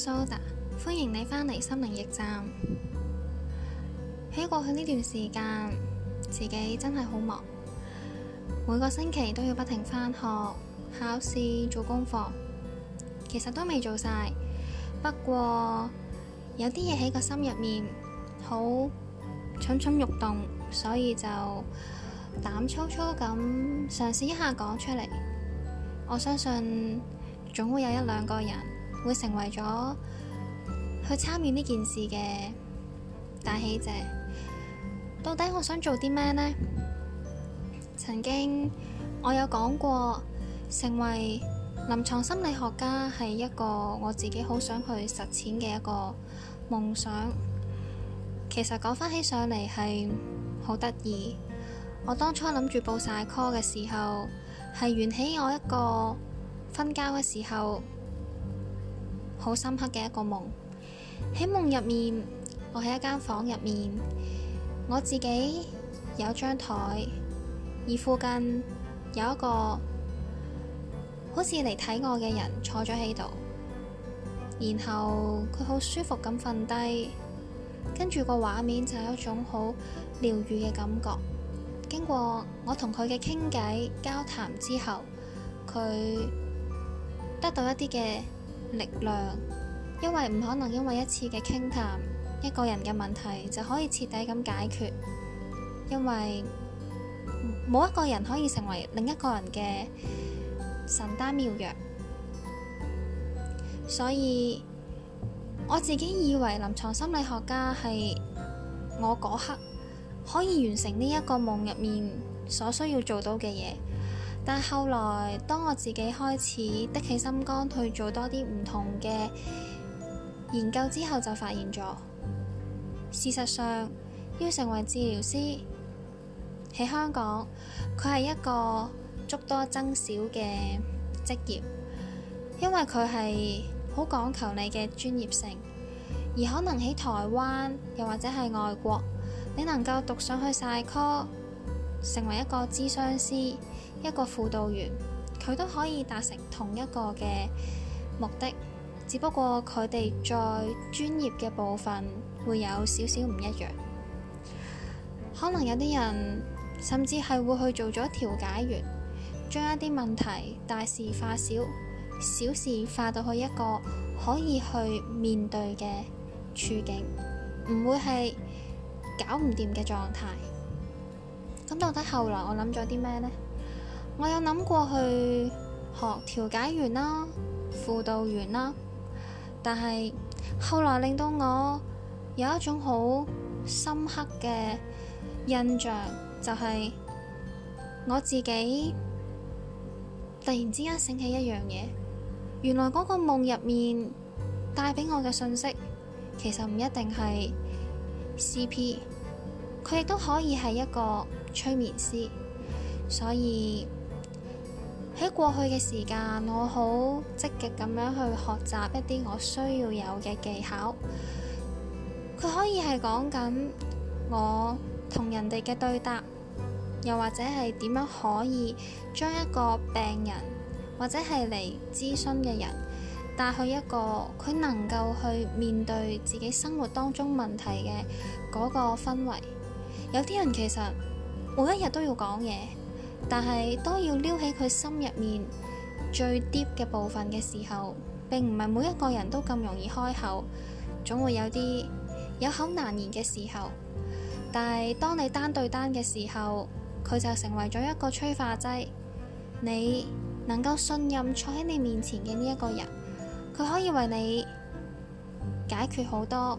蘇達，Soda，歡迎你返嚟心靈驛站。喺過去呢段時間，自己真係好忙，每個星期都要不停返學、考試、做功課，其實都未做晒。不過有啲嘢喺個心入面好蠢蠢欲動，所以就膽粗粗咁嘗試一下講出嚟。我相信總會有一兩個人。會成為咗去參與呢件事嘅大喜姐。到底我想做啲咩呢？曾經我有講過，成為臨牀心理學家係一個我自己好想去實踐嘅一個夢想。其實講翻起上嚟係好得意。我當初諗住報晒 call 嘅時候，係緣起我一個瞓覺嘅時候。好深刻嘅一個夢，喺夢入面，我喺一間房入面，我自己有張台，而附近有一個好似嚟睇我嘅人坐咗喺度，然後佢好舒服咁瞓低，跟住個畫面就有一種好療愈嘅感覺。經過我同佢嘅傾偈交談之後，佢得到一啲嘅力量，因為唔可能，因為一次嘅傾談，一個人嘅問題就可以徹底咁解決，因為冇一個人可以成為另一個人嘅神丹妙藥，所以我自己以為臨床心理學家係我嗰刻可以完成呢一個夢入面所需要做到嘅嘢。但係後來，當我自己開始的起心肝去做多啲唔同嘅研究之後，就發現咗事實上要成為治療師喺香港，佢係一個粥多僧少嘅職業，因為佢係好講求你嘅專業性。而可能喺台灣又或者係外國，你能夠讀上去曬科，成為一個諮商師。一個輔導員，佢都可以達成同一個嘅目的，只不過佢哋在專業嘅部分會有少少唔一樣。可能有啲人甚至係會去做咗調解員，將一啲問題大事化小，小事化到去一個可以去面對嘅處境，唔會係搞唔掂嘅狀態。咁到底後來我諗咗啲咩呢？我有諗過去學調解員啦、輔導員啦，但係後來令到我有一種好深刻嘅印象，就係、是、我自己突然之間醒起一樣嘢，原來嗰個夢入面帶俾我嘅信息，其實唔一定係 CP，佢亦都可以係一個催眠師，所以。喺過去嘅時間，我好積極咁樣去學習一啲我需要有嘅技巧。佢可以係講緊我同人哋嘅對答，又或者係點樣可以將一個病人，或者係嚟諮詢嘅人，帶去一個佢能夠去面對自己生活當中問題嘅嗰個氛圍。有啲人其實每一日都要講嘢。但係，都要撩起佢心入面最 deep 嘅部分嘅時候，並唔係每一個人都咁容易開口，總會有啲有口難言嘅時候。但係，當你單對單嘅時候，佢就成為咗一個催化劑。你能夠信任坐喺你面前嘅呢一個人，佢可以為你解決好多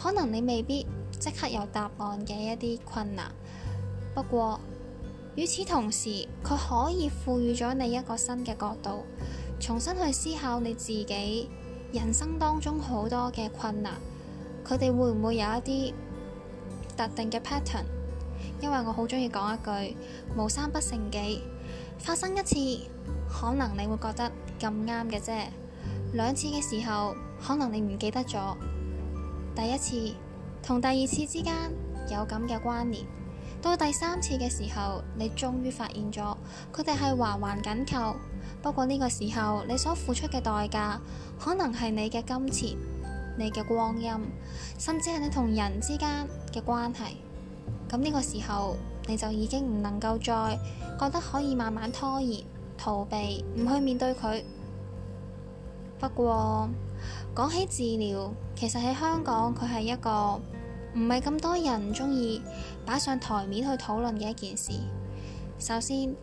可能你未必即刻有答案嘅一啲困難。不過，與此同時，佢可以賦予咗你一個新嘅角度，重新去思考你自己人生當中好多嘅困難，佢哋會唔會有一啲特定嘅 pattern？因為我好中意講一句，無三不成幾，發生一次可能你會覺得咁啱嘅啫，兩次嘅時候可能你唔記得咗第一次同第二次之間有咁嘅關聯。到第三次嘅時候，你終於發現咗佢哋係環環緊扣。不過呢個時候，你所付出嘅代價，可能係你嘅金錢、你嘅光陰，甚至係你同人之間嘅關係。咁呢個時候，你就已經唔能夠再覺得可以慢慢拖延、逃避，唔去面對佢。不過講起治療，其實喺香港佢係一個唔係咁多人中意擺上台面去討論嘅一件事。首先，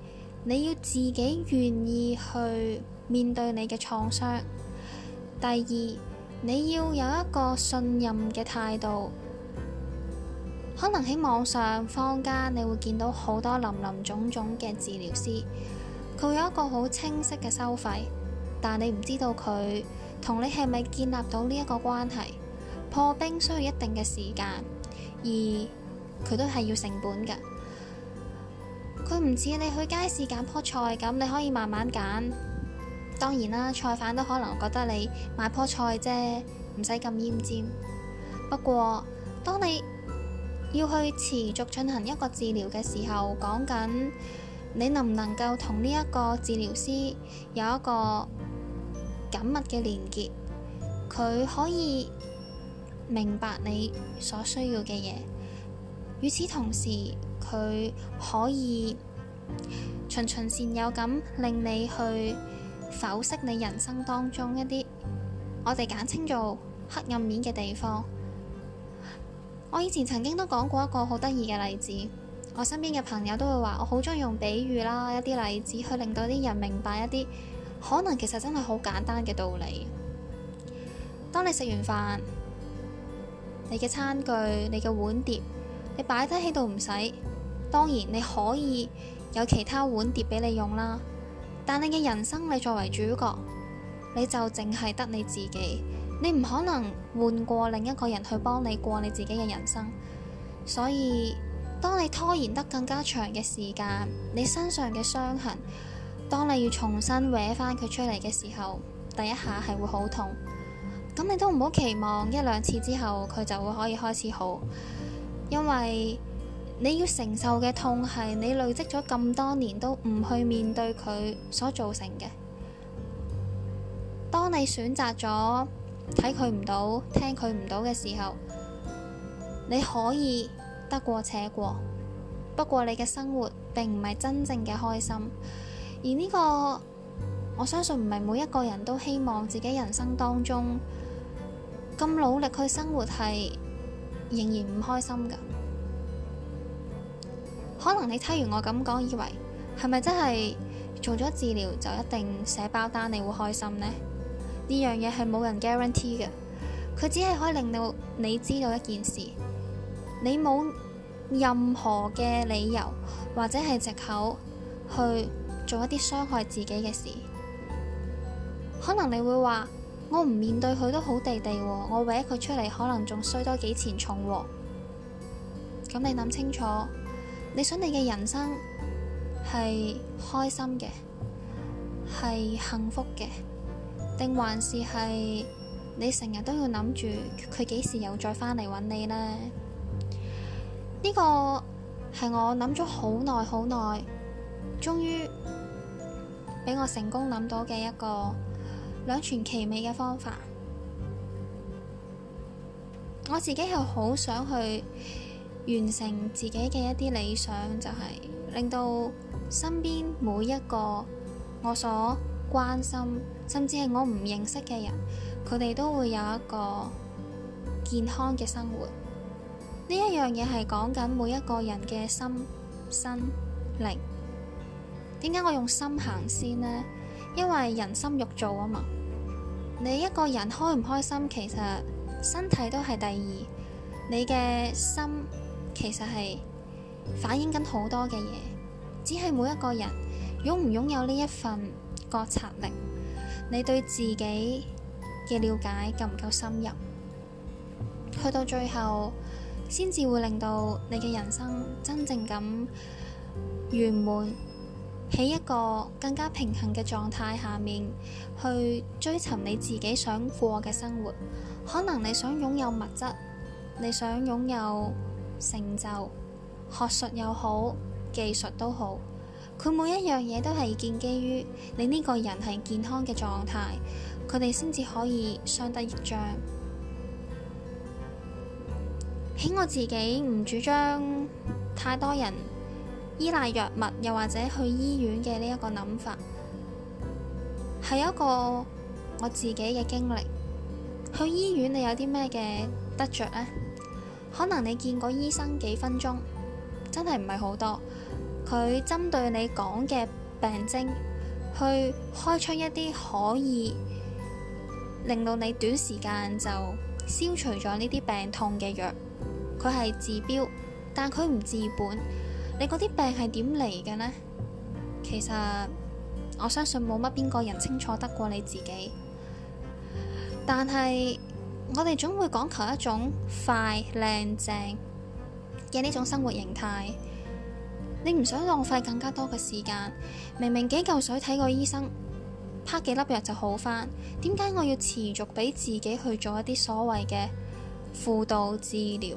你要自己願意去面對你嘅創傷。第二，你要有一個信任嘅態度。可能喺網上坊間，你會見到好多林林種種嘅治療師，佢有一個好清晰嘅收費，但你唔知道佢同你係咪建立到呢一個關係。破冰需要一定嘅時間，而佢都係要成本㗎，佢唔似你去街市揀棵菜咁，你可以慢慢揀。當然啦，菜販都可能覺得你買棵菜啫，唔使咁閹尖。不過當你要去持續進行一個治療嘅時候，講緊你能唔能夠同呢一個治療師有一個緊密嘅連結，佢可以明白你所需要嘅嘢。與此同時，佢可以循循善誘咁令你去剖析你人生當中一啲我哋簡稱做黑暗面嘅地方。我以前曾經都講過一個好得意嘅例子，我身邊嘅朋友都會話，我好中意用比喻啦，一啲例子去令到啲人明白一啲可能其實真係好簡單嘅道理。當你食完飯，你嘅餐具、你嘅碗碟，你擺低喺度唔使，當然你可以有其他碗碟俾你用啦。但你嘅人生，你作為主角，你就淨係得你自己，你唔可能換過另一個人去幫你過你自己嘅人生。所以，當你拖延得更加長嘅時間，你身上嘅傷痕，當你要重新搲返佢出嚟嘅時候，第一下係會好痛。咁你都唔好期望一兩次之後，佢就會可以開始好。因為你要承受嘅痛係你累積咗咁多年都唔去面對佢所造成嘅。當你選擇咗睇佢唔到、聽佢唔到嘅時候，你可以得過且過，不過你嘅生活並唔係真正嘅開心。而呢個，我相信唔係每一個人都希望自己人生當中咁努力去生活係。仍然唔開心㗎，可能你聽完我咁講，以為係咪真係做咗治療就一定寫包單你會開心呢？呢樣嘢係冇人 guarantee 嘅，佢只係可以令到你知道一件事，你冇任何嘅理由或者係藉口去做一啲傷害自己嘅事。可能你會話。我唔面對佢都好地地，我揾佢出嚟可能仲衰多幾錢重、哦。咁你諗清楚，你想你嘅人生係開心嘅，係幸福嘅，定還是係你成日都要諗住佢幾時又再返嚟揾你呢？呢個係我諗咗好耐好耐，終於俾我成功諗到嘅一個。兩全其美嘅方法，我自己係好想去完成自己嘅一啲理想，就係、是、令到身邊每一個我所關心，甚至係我唔認識嘅人，佢哋都會有一個健康嘅生活。呢一樣嘢係講緊每一個人嘅心心靈。點解我用心行先呢？因為人心肉做啊嘛。你一個人開唔開心，其實身體都係第二，你嘅心其實係反映緊好多嘅嘢，只係每一個人擁唔擁有呢一份覺察力，你對自己嘅了解夠唔夠深入，去到最後先至會令到你嘅人生真正咁圓滿。喺一個更加平衡嘅狀態下面，去追尋你自己想過嘅生活。可能你想擁有物質，你想擁有成就，學術又好，技術都好，佢每一樣嘢都係建基於你呢個人係健康嘅狀態，佢哋先至可以相得益彰。喺我自己唔主張太多人。依賴藥物又或者去醫院嘅呢一個諗法，係一個我自己嘅經歷。去醫院你有啲咩嘅得着呢？可能你見過醫生幾分鐘，真係唔係好多。佢針對你講嘅病徵，去開出一啲可以令到你短時間就消除咗呢啲病痛嘅藥，佢係治標，但佢唔治本。你嗰啲病係點嚟嘅呢？其實我相信冇乜邊個人清楚得過你自己。但係我哋總會講求一種快靚正嘅呢種生活形態。你唔想浪費更加多嘅時間，明明幾嚿水睇個醫生，啪幾粒藥就好返，點解我要持續俾自己去做一啲所謂嘅輔導治療？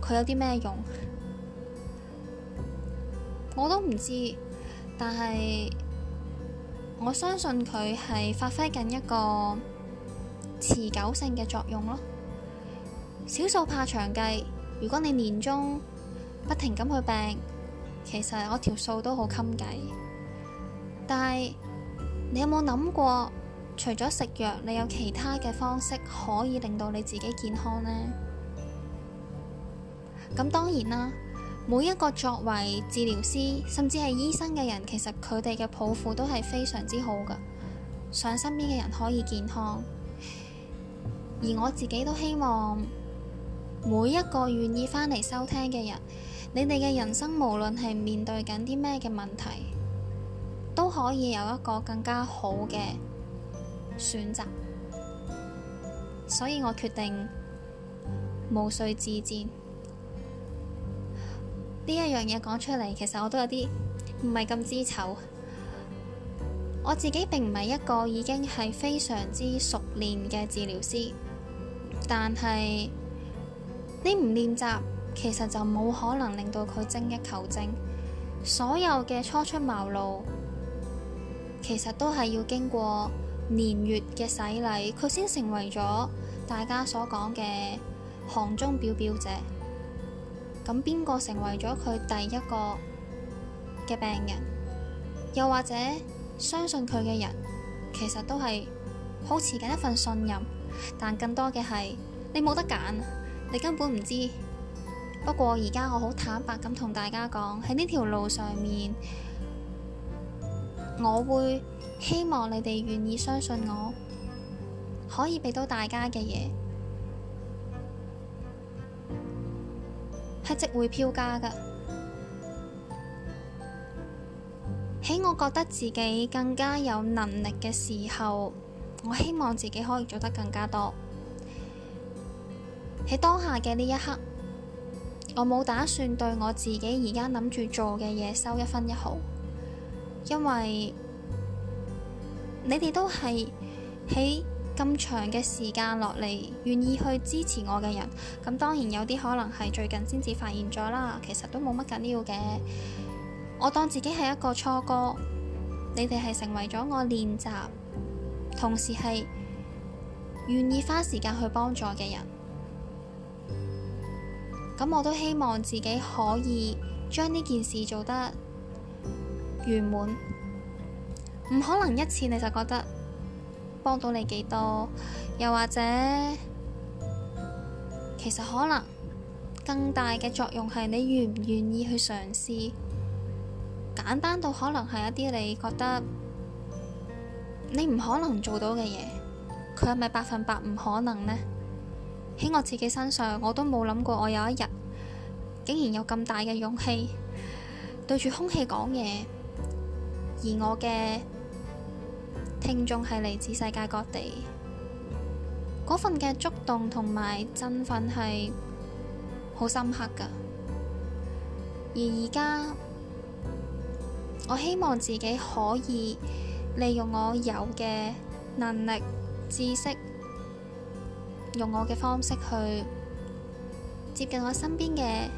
佢有啲咩用？我都唔知，但係我相信佢係發揮緊一個持久性嘅作用咯。小數怕長計，如果你年中不停咁去病，其實我條數都好襟計。但係你有冇諗過，除咗食藥，你有其他嘅方式可以令到你自己健康呢？咁當然啦。每一個作為治療師，甚至係醫生嘅人，其實佢哋嘅抱負都係非常之好噶，想身邊嘅人可以健康，而我自己都希望每一個願意返嚟收聽嘅人，你哋嘅人生無論係面對緊啲咩嘅問題，都可以有一個更加好嘅選擇，所以我決定毛遂自薦。呢一樣嘢講出嚟，其實我都有啲唔係咁知醜。我自己並唔係一個已經係非常之熟練嘅治療師，但係你唔練習，其實就冇可能令到佢精益求精。所有嘅初出茅廬，其實都係要經過年月嘅洗禮，佢先成為咗大家所講嘅行中表表者。咁邊個成為咗佢第一個嘅病人？又或者相信佢嘅人，其實都係好似緊一份信任，但更多嘅係你冇得揀，你根本唔知。不過而家我好坦白咁同大家講，喺呢條路上面，我會希望你哋願意相信我，可以俾到大家嘅嘢。係值回票價噶。喺我覺得自己更加有能力嘅時候，我希望自己可以做得更加多。喺當下嘅呢一刻，我冇打算對我自己而家諗住做嘅嘢收一分一毫，因為你哋都係喺。咁長嘅時間落嚟，願意去支持我嘅人，咁當然有啲可能係最近先至發現咗啦，其實都冇乜緊要嘅。我當自己係一個初哥，你哋係成為咗我練習，同時係願意花時間去幫助嘅人。咁我都希望自己可以將呢件事做得圓滿，唔可能一次你就覺得。幫到你幾多？又或者，其實可能更大嘅作用係你願唔願意去嘗試？簡單到可能係一啲你覺得你唔可能做到嘅嘢，佢係咪百分百唔可能呢？喺我自己身上，我都冇諗過我有一日竟然有咁大嘅勇氣對住空氣講嘢，而我嘅。聽眾係嚟自世界各地，嗰份嘅觸動同埋振奮，係好深刻㗎。而而家，我希望自己可以利用我有嘅能力、知識，用我嘅方式去接近我身邊嘅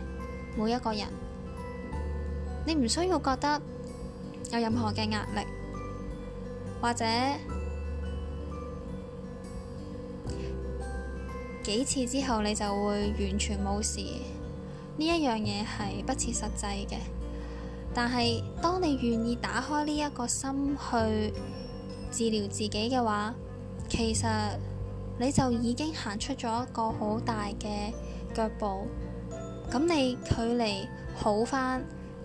每一個人。你唔需要覺得有任何嘅壓力。或者幾次之後，你就會完全冇事。呢一樣嘢係不切實際嘅，但係當你願意打開呢一個心去治療自己嘅話，其實你就已經行出咗一個好大嘅腳步。咁你距離好翻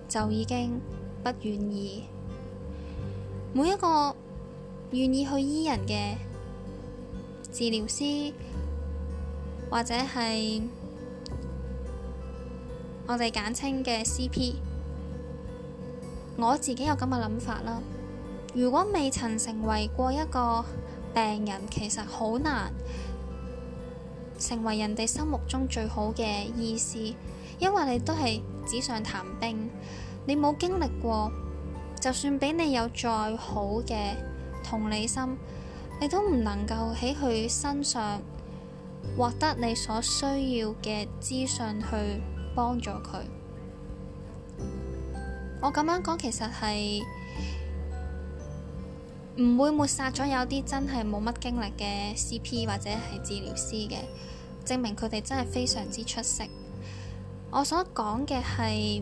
就已經不願意。每一個。願意去醫人嘅治療師，或者係我哋簡稱嘅 CP，我自己有咁嘅諗法啦。如果未曾成為過一個病人，其實好難成為人哋心目中最好嘅醫師，因為你都係紙上談兵，你冇經歷過，就算俾你有再好嘅同理心，你都唔能夠喺佢身上獲得你所需要嘅資訊去幫助佢。我咁樣講其實係唔會抹殺咗有啲真係冇乜經歷嘅 CP 或者係治療師嘅，證明佢哋真係非常之出色。我所講嘅係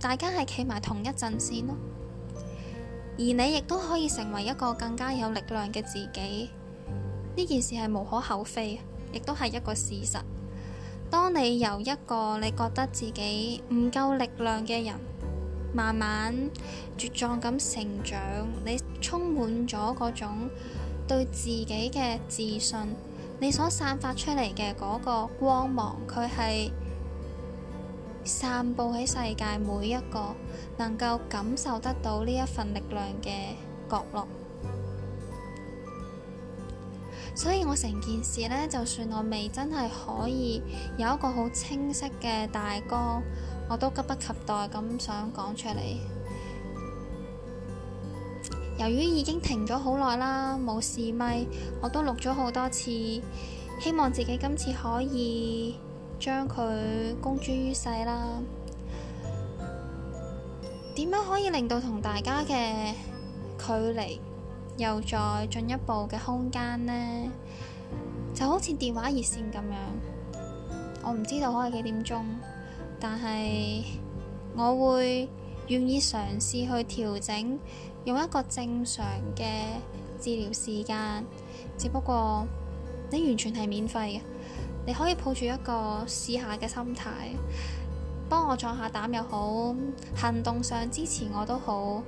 大家係企埋同一陣綫咯。而你亦都可以成為一個更加有力量嘅自己，呢件事係無可厚非，亦都係一個事實。當你由一個你覺得自己唔夠力量嘅人，慢慢茁壯咁成長，你充滿咗嗰種對自己嘅自信，你所散發出嚟嘅嗰個光芒，佢係。散步喺世界每一個能夠感受得到呢一份力量嘅角落，所以我成件事呢，就算我未真係可以有一個好清晰嘅大綱，我都急不及待咁想講出嚟。由於已經停咗好耐啦，冇試咪，Mike, 我都錄咗好多次，希望自己今次可以。將佢公諸於世啦，點樣可以令到同大家嘅距離又再進一步嘅空間呢？就好似電話熱線咁樣，我唔知道可以幾點鐘，但係我會願意嘗試去調整，用一個正常嘅治療時間。只不過你完全係免費嘅。你可以抱住一個試下嘅心態，幫我壯下膽又好，行動上支持我都好，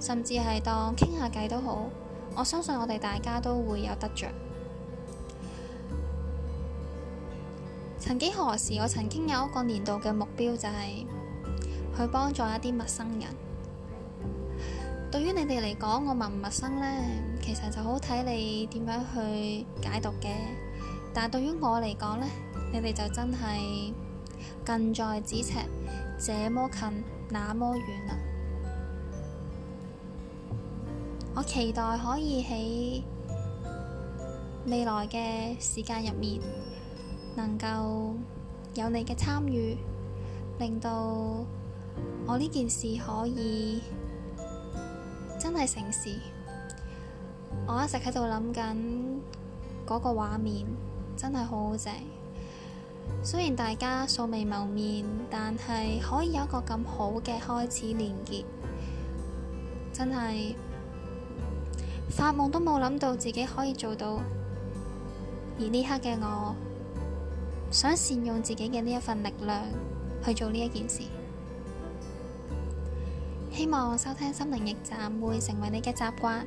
甚至係當傾下偈都好。我相信我哋大家都會有得着。曾幾何時，我曾經有一個年度嘅目標就係、是、去幫助一啲陌生人。對於你哋嚟講，我陌唔陌生呢？其實就好睇你點樣去解讀嘅。但係對於我嚟講呢，你哋就真係近在咫尺，這麼近那麼遠啦。我期待可以喺未來嘅時間入面，能夠有你嘅參與，令到我呢件事可以真係成事。我一直喺度諗緊嗰個畫面。真係好好正，雖然大家素未謀面，但係可以有一個咁好嘅開始連結，真係發夢都冇諗到自己可以做到。而呢刻嘅我，想善用自己嘅呢一份力量去做呢一件事。希望收聽心靈驛站會成為你嘅習慣，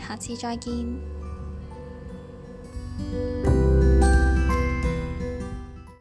下次再見。